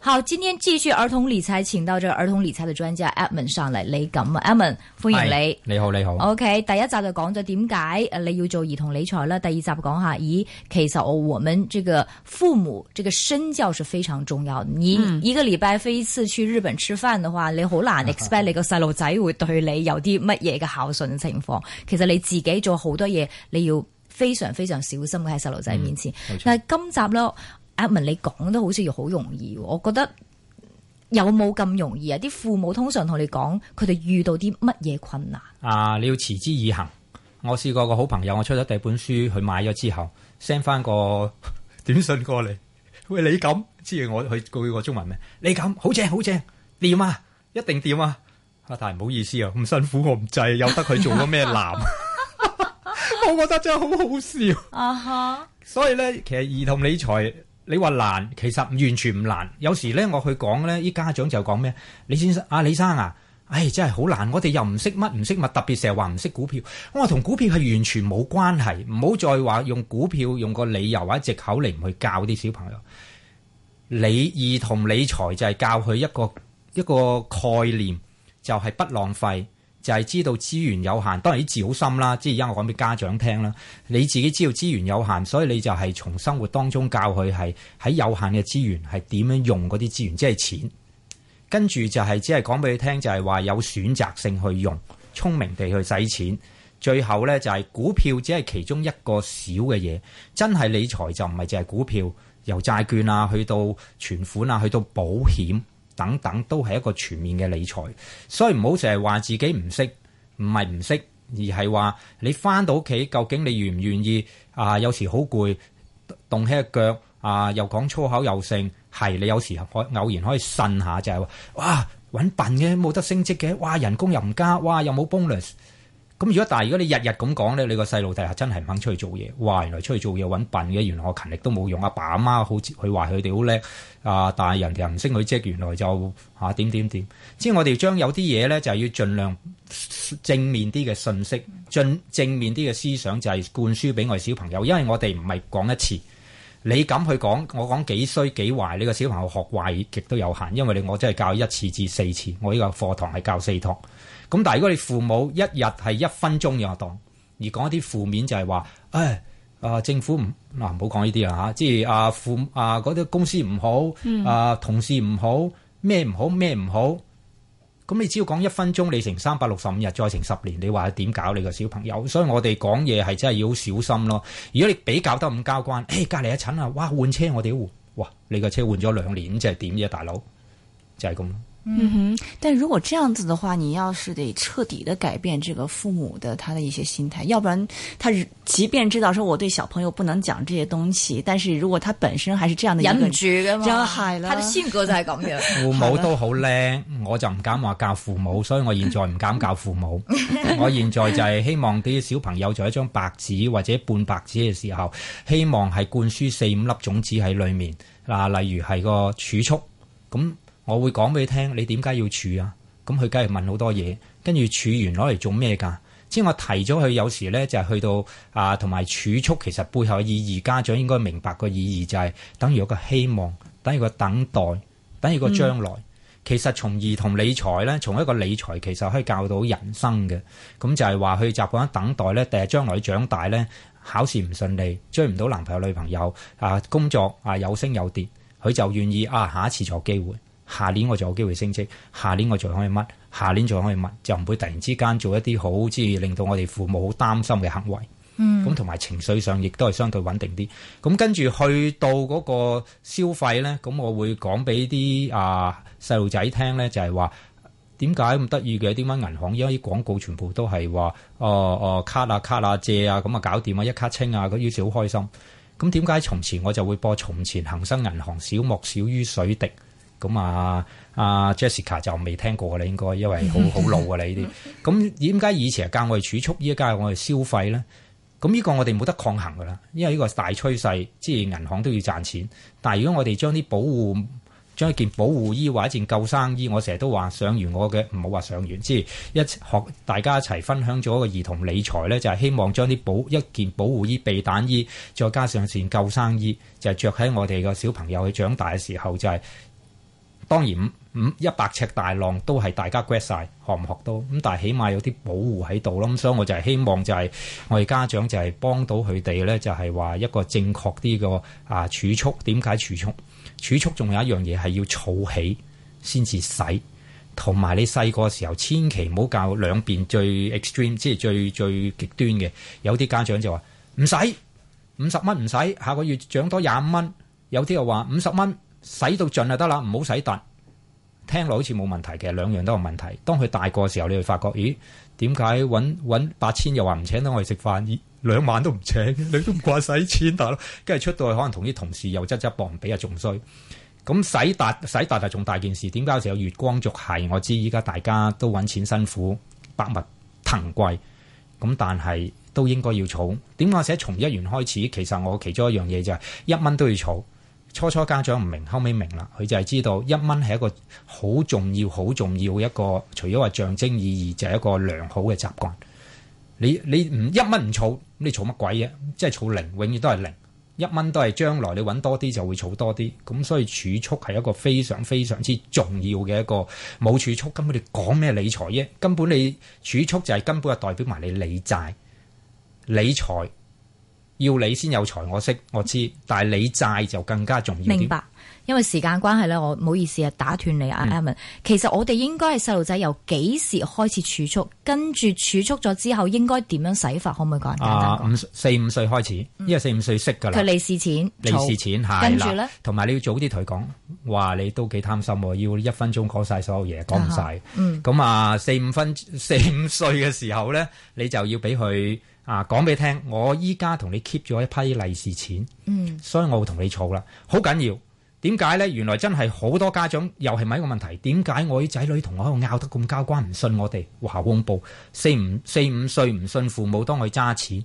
好，今天繼續兒童理財，請到這兒童理財的專家 Edmond 上嚟，李錦啊 Edmond 歡迎你。你好，你好。OK，第一集就講咗點解你要做兒童理財啦。第二集講下，咦，其實我們這個父母這個身教是非常重要。你一個禮拜飛一次去日本吃飯的話，嗯、你好難 expect 你個細路仔會對你有啲乜嘢嘅孝順情況。嗯、其實你自己做好多嘢，你要非常非常小心嘅喺細路仔面前。嗯、但係今集咧。阿文，你講都好似要好容易，我覺得有冇咁容易啊？啲父母通常同你講，佢哋遇到啲乜嘢困難啊？你要持之以恆。我試過個好朋友，我出咗第二本書，佢買咗之後 send 翻個短信過嚟，喂你咁，知我佢講個中文名？你咁好正好正，掂啊，一定掂啊！阿太唔好意思啊，咁辛苦我唔制，由得佢做咗咩男？ 我覺得真係好好笑啊！Uh huh. 所以咧，其實兒童理財。你話難，其實完全唔難。有時咧，我去講咧，啲家長就講咩？李先生，啊，李先生啊，唉、哎，真係好難。我哋又唔識乜，唔識乜，特別成日話唔識股票。我話同股票係完全冇關係，唔好再話用股票用個理由或者藉口嚟唔去教啲小朋友。理兒童理財就係教佢一個一個概念，就係、是、不浪費。就係知道資源有限，當然啲字好深啦。即係而家我講俾家長聽啦，你自己知道資源有限，所以你就係從生活當中教佢係喺有限嘅資源係點樣用嗰啲資源，即係錢。跟住就係、是、只係講俾佢聽，就係、是、話有選擇性去用，聰明地去使錢。最後咧就係、是、股票只係其中一個少嘅嘢，真係理財就唔係淨係股票，由債券啊去到存款啊去到保險。等等都係一個全面嘅理財，所以唔好成日話自己唔識，唔係唔識，而係話你翻到屋企，究竟你願唔願意？啊，有時好攰，動起個腳啊，又講粗口又剩，係你有時可偶然可以呻下就係話，哇揾笨嘅，冇得升職嘅，哇人工又唔加，哇又冇 bonus。咁如果，但係如果你日日咁講咧，你個細路弟係真係唔肯出去做嘢。哇！原來出去做嘢搵笨嘅，原來我勤力都冇用。阿爸阿媽好似佢話佢哋好叻啊，但係人哋又唔識佢啫。原來就吓，點點點。即係我哋將有啲嘢咧，就係要盡量正面啲嘅信息，盡正面啲嘅思想，就係灌輸俾我哋小朋友。因為我哋唔係講一次。你噉去講？我講幾衰幾壞？呢個小朋友學壞極都有限，因為你我真係教一次至四次，我呢個課堂係教四堂。咁但係如果你父母一日係一分鐘嘅活動，而講一啲負面就係話，唉啊、呃，政府唔嗱，唔好講呢啲啊嚇。即係啊，父啊嗰啲公司唔好，啊同事唔好，咩唔好，咩唔好。咁你只要講一分鐘，你乘三百六十五日，再乘十年，你話點搞你個小朋友？所以我哋講嘢係真係要小心咯。如果你比較得咁交關，誒、欸，隔籬阿陳啊，哇，換車我哋換，哇，你個車換咗兩年，咁就係點嘢，大佬，就係、是、咁。嗯哼，但如果這樣子的話，你要是得徹底的改變這個父母的他的一些心態，要不然，他即便知道說我對小朋友不能講這些東西，但是如果他本身還是這樣的忍唔住嘅，就係啦，後他的性格就係咁樣。父母都好叻，我就唔敢話教父母，所以我現在唔敢教父母。 我現在就係希望啲小朋友在一張白紙或者半白紙嘅時候，希望係灌輸四五粒種子喺裏面嗱，例如係個儲蓄咁。我會講俾你聽，你點解要儲啊？咁佢梗係問好多嘢，跟住儲完攞嚟做咩噶？即係我提咗佢，有時呢就係去到啊，同埋儲蓄其實背後嘅意義，家長應該明白個意義就係等於一個希望，等於個等待，等於個將來。嗯、其實從兒童理財呢，從一個理財其實可以教導人生嘅。咁就係話佢習慣等待呢，第日將來長大呢？考試唔順利，追唔到男朋友女朋友啊，工作啊有升有跌，佢就願意啊下一次再有機會。下年我就有機會升職，下年我仲可以乜，下年仲可以乜，就唔會突然之間做一啲好，即係令到我哋父母好擔心嘅行為。嗯，咁同埋情緒上亦都係相對穩定啲。咁跟住去到嗰個消費咧，咁我會講俾啲啊細路仔聽咧，就係話點解咁得意嘅？點解銀行因為啲廣告全部都係話哦哦卡啊卡啊借啊咁啊搞掂啊一卡清啊，佢於是好開心。咁點解從前我就會播從前恒生銀行小莫小於水滴。咁啊，阿 Jessica 就未聽過，你應該因為好好老啦呢啲。咁點解以前係教我哋儲蓄，依家我哋消費咧？咁呢個我哋冇得抗衡噶啦，因為，啊、 為呢個，因為個大趨勢，即係銀行都要賺錢。但係如果我哋將啲保護，將一件保護衣或者件救生衣，我成日都話上完我嘅唔好話上完，即係一學大家一齊分享咗一個兒童理財咧，就係、是、希望將啲保一件保護衣、避彈衣，再加上件救生衣，就係着喺我哋個小朋友去長大嘅時候就係、是。當然五五一百尺大浪都係大家 grad 曬學唔學到，咁，但係起碼有啲保護喺度咯。咁所以我就係希望就係我哋家長就係幫到佢哋咧，就係話一個正確啲個啊儲蓄點解儲蓄儲蓄，仲有一樣嘢係要儲起先至使，同埋你細個時候千祈唔好教兩邊最 extreme 即係最最極端嘅。有啲家長就話唔使五十蚊唔使，下個月漲多廿五蚊。有啲又話五十蚊。使到盡就得啦，唔好使達，聽落好似冇問題嘅，兩樣都有問題。當佢大個嘅時候，你會發覺，咦？點解搵搵八千又話唔請到我哋食飯，兩萬都唔請你都唔慣使錢，但係跟住出到去可能同啲同事又爭一搏，唔俾又仲衰。咁使達使達就仲大件事，點解有時有月光族係？我知依家大家都揾錢辛苦，百物騰貴，咁但係都應該要儲。點解我寫從一元開始？其實我其中一樣嘢就係、是、一蚊都要儲。初初家長唔明，後尾明啦。佢就係知道一蚊係一個好重要、好重要一個。除咗話象徵意義，就係一個良好嘅習慣。你你唔一蚊唔儲，你儲乜鬼嘢？即係儲零，永遠都係零。一蚊都係將來你揾多啲就會儲多啲。咁所以儲蓄係一個非常非常之重要嘅一個。冇儲蓄根本你講咩理財啫？根本你儲蓄就係根本係代表埋你理債、理財。要你先有財，我識，我知，但係你債就更加重要啲。明白。因為時間關係咧，我唔好意思啊，打斷你啊，阿文、嗯。其實我哋應該係細路仔由幾時開始儲蓄？跟住儲蓄咗之後，應該點樣使法？可唔可以講簡單講、啊、五四五歲開始，因為四五歲識噶啦。佢、嗯、利是錢，利是錢係。操是跟住咧，同埋你要早啲同佢講，話你都幾貪心，要一分鐘講晒所有嘢，講唔晒。咁、嗯、啊，四五分四五歲嘅時候咧，你就要俾佢啊，講俾你聽。我依家同你 keep 咗一批利是錢。嗯。所以我會同你儲啦，好緊要。點解呢？原來真係好多家長又係咪一個問題？點解我啲仔女同我喺度拗得咁交關，唔信我哋？哇！恐怖，四五四五歲唔信父母，當佢揸錢。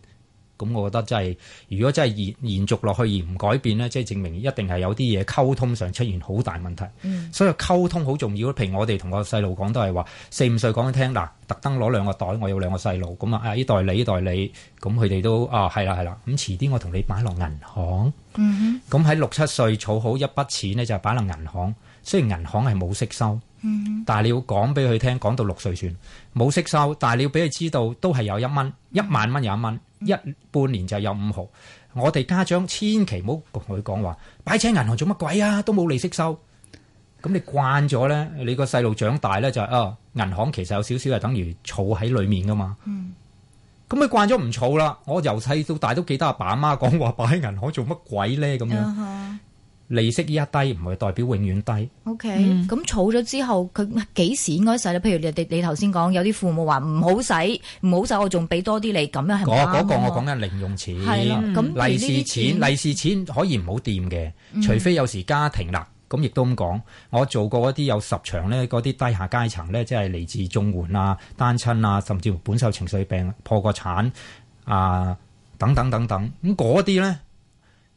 咁，我覺得真係，如果真係延延續落去而唔改變呢，即係證明一定係有啲嘢溝通上出現好大問題。嗯、所以溝通好重要，譬如我哋同個細路講都係話，四五歲講一聽嗱，特登攞兩個袋，我有兩個細路咁啊。呢袋、啊啊啊啊、你，呢袋你，咁佢哋都啊係啦係啦。咁遲啲我同你擺落銀行。咁喺六七歲儲好一筆錢呢，就擺落銀行。雖然銀行係冇息，嗯、哼息收，但係你要講俾佢聽，講到六歲算冇息收，但係你要俾佢知道都係有一蚊，一萬蚊有一蚊。一一半年就有五毫，我哋家長千祈唔好同佢講話，擺喺銀行做乜鬼啊？都冇利息收，咁你慣咗咧，你個細路長大咧就係啊、哦，銀行其實有少少係等於儲喺裡面噶嘛。咁佢、嗯、慣咗唔儲啦，我由細到大都記得阿爸阿媽講話，擺喺銀行做乜鬼咧咁樣。嗯嗯利息依一低唔係代表永遠低。OK，咁儲咗之後佢幾時應該使咧？譬如你你你頭先講有啲父母話唔好使，唔好使我仲俾多啲你，咁樣係嘛？嗰嗰個我講緊零用錢，係啦，咁、嗯、利是錢，錢利是錢，錢可以唔好掂嘅，除非有時家庭難，咁亦都咁講。我做過一啲有十場呢，嗰啲低下階層呢，即係嚟自綜援啊、單親啊，甚至乎本受情緒病破過產啊，等等等等，咁嗰啲咧。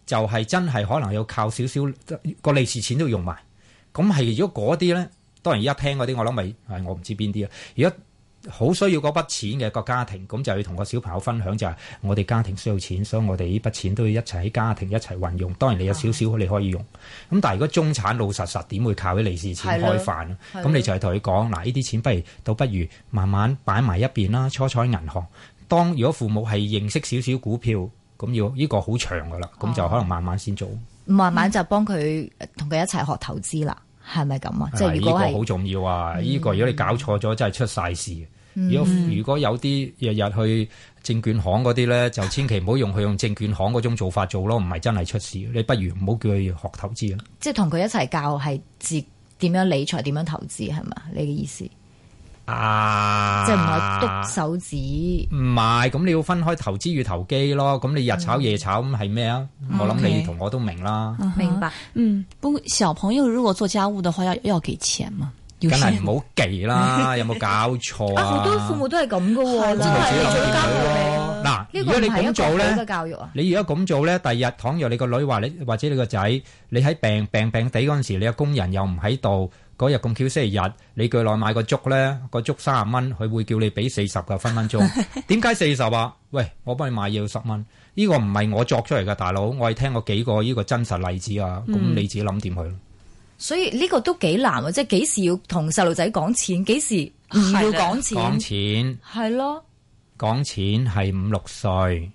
就係真係可能要靠少少個利是錢都用埋，咁係如果嗰啲呢，當然而家聽嗰啲，我諗咪係我唔知邊啲啊。如果好需要嗰筆錢嘅個家庭，咁就要同個小朋友分享，就係我哋家庭需要錢，所以我哋呢筆錢都要一齊喺家庭一齊運用。當然你有少少你可以用，咁但係如果中產老實實點會靠啲利是錢開飯啊？咁你就係同佢講嗱，呢啲錢不如倒不如慢慢擺埋一邊啦，初初喺銀行。當如果父母係認識少少股票。咁要呢、這個好長噶啦，咁就可能慢慢先做、哦。慢慢就幫佢同佢一齊學投資啦，係咪咁啊？即係呢個好重要啊！呢、嗯、個如果你搞錯咗，真係出晒事。如果如果有啲日日去證券行嗰啲咧，就千祈唔好用佢用證券行嗰種做法做咯，唔係真係出事。你不如唔好叫佢學投資啊！即係同佢一齊教係自點樣理財，點樣投資係咪？你嘅意思？啊！即係唔係篤手指？唔係，咁你要分開投資與投機咯。咁你日炒夜炒咁係咩啊？嗯、我諗你同我都明啦。嗯、明白，嗯。不過小朋友如果做家務嘅話，要要俾錢嗎？梗係唔好記啦， 有冇搞錯啊？好、 啊、多父母都係咁噶喎， 自己真係做家務。嗱、啊，個個好好嘅教育啊、如果你咁做咧，你如果咁做咧，第二日倘若你個女話你，或者你個仔，你喺病病病地嗰陣時，你個工人又唔喺度。嗰日咁巧星期日，你過嚟買個粥呢，個粥三十蚊，佢會叫你俾四十個分分鐘。點解四十啊？喂，我幫你買嘢要十蚊，呢、這個唔係我作出嚟㗎，大佬，我係聽過幾個呢個真實例子啊。咁、嗯、你自己諗掂佢咯。所以呢個都幾難啊，即係幾時要同細路仔講錢，幾時唔要講錢？講的錢係咯，講的錢係五六歲，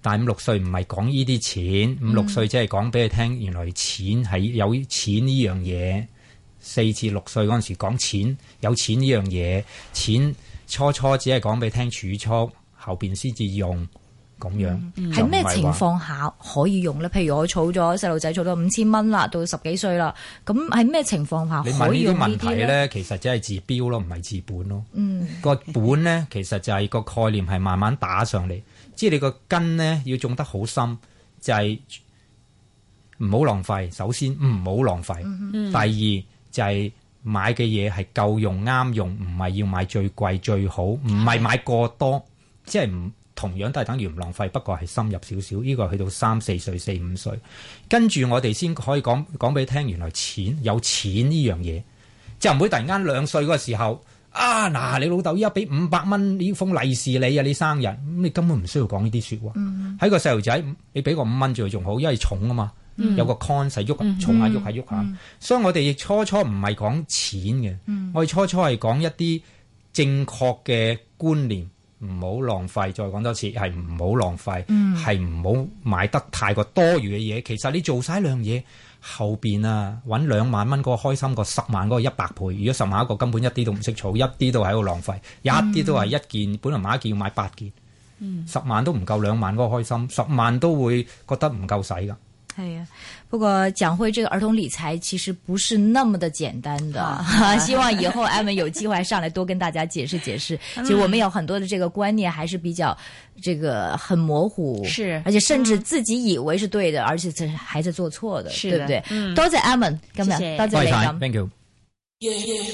但係五六歲唔係講呢啲錢，五六歲即係講俾你聽，原來錢係有錢呢樣嘢。四至六歲嗰陣時講錢有錢呢樣嘢，錢初初只係講俾聽儲蓄，後邊先至用咁樣。喺咩情況下可以用咧？譬如我儲咗細路仔儲到五千蚊啦，到十幾歲啦，咁喺咩情況下可以用？你問呢啲問題咧？其實只係自標咯，唔係治本咯。個本咧其實就係個概念係慢慢打上嚟，即係你個根咧要種得好深，就係唔好浪費。首先唔好浪費，嗯嗯、第二。就係買嘅嘢係夠用啱用，唔係要買最貴最好，唔係買過多，即係唔同樣都係等於唔浪費，不過係深入少少。呢、呢個去到三四歲、四五歲，跟住我哋先可以講講俾你聽，原來錢有錢呢樣嘢，即係唔會突然間兩歲嗰個時候啊，嗱你老豆依家俾五百蚊呢封利是你啊，你生日你根本唔需要講呢啲説話。喺、嗯、個細路仔你俾個五蚊佢仲好，因為重啊嘛。有個 con，使喐，重下喐下喐下，所以我哋亦初初唔係講錢嘅。嗯、我哋初初係講一啲正確嘅觀念，唔好、嗯、浪費。再講多次，係唔好浪費，係唔好買得太過多餘嘅嘢。嗯、其實你做晒一樣嘢，後邊啊揾兩萬蚊嗰個開心，個十萬嗰個一百倍。如果十萬一個，根本一啲都唔識儲，一啲都喺度浪費，一啲都係一件，嗯、本來買一件要買八件，十、嗯嗯、萬都唔夠兩萬嗰個開心，十萬都會覺得唔夠使㗎。係啊，不過講返，這個兒童理財其實不是那麼的簡單的，oa oa 希望以後艾文有機會上來多跟大家解釋解釋。其實我們有很多的這個觀念還是比較，這個很模糊，是而且甚至自己以為是對的，嗯、而且這還在做錯的，是的對不對？多謝艾文，今日多謝你，thank you。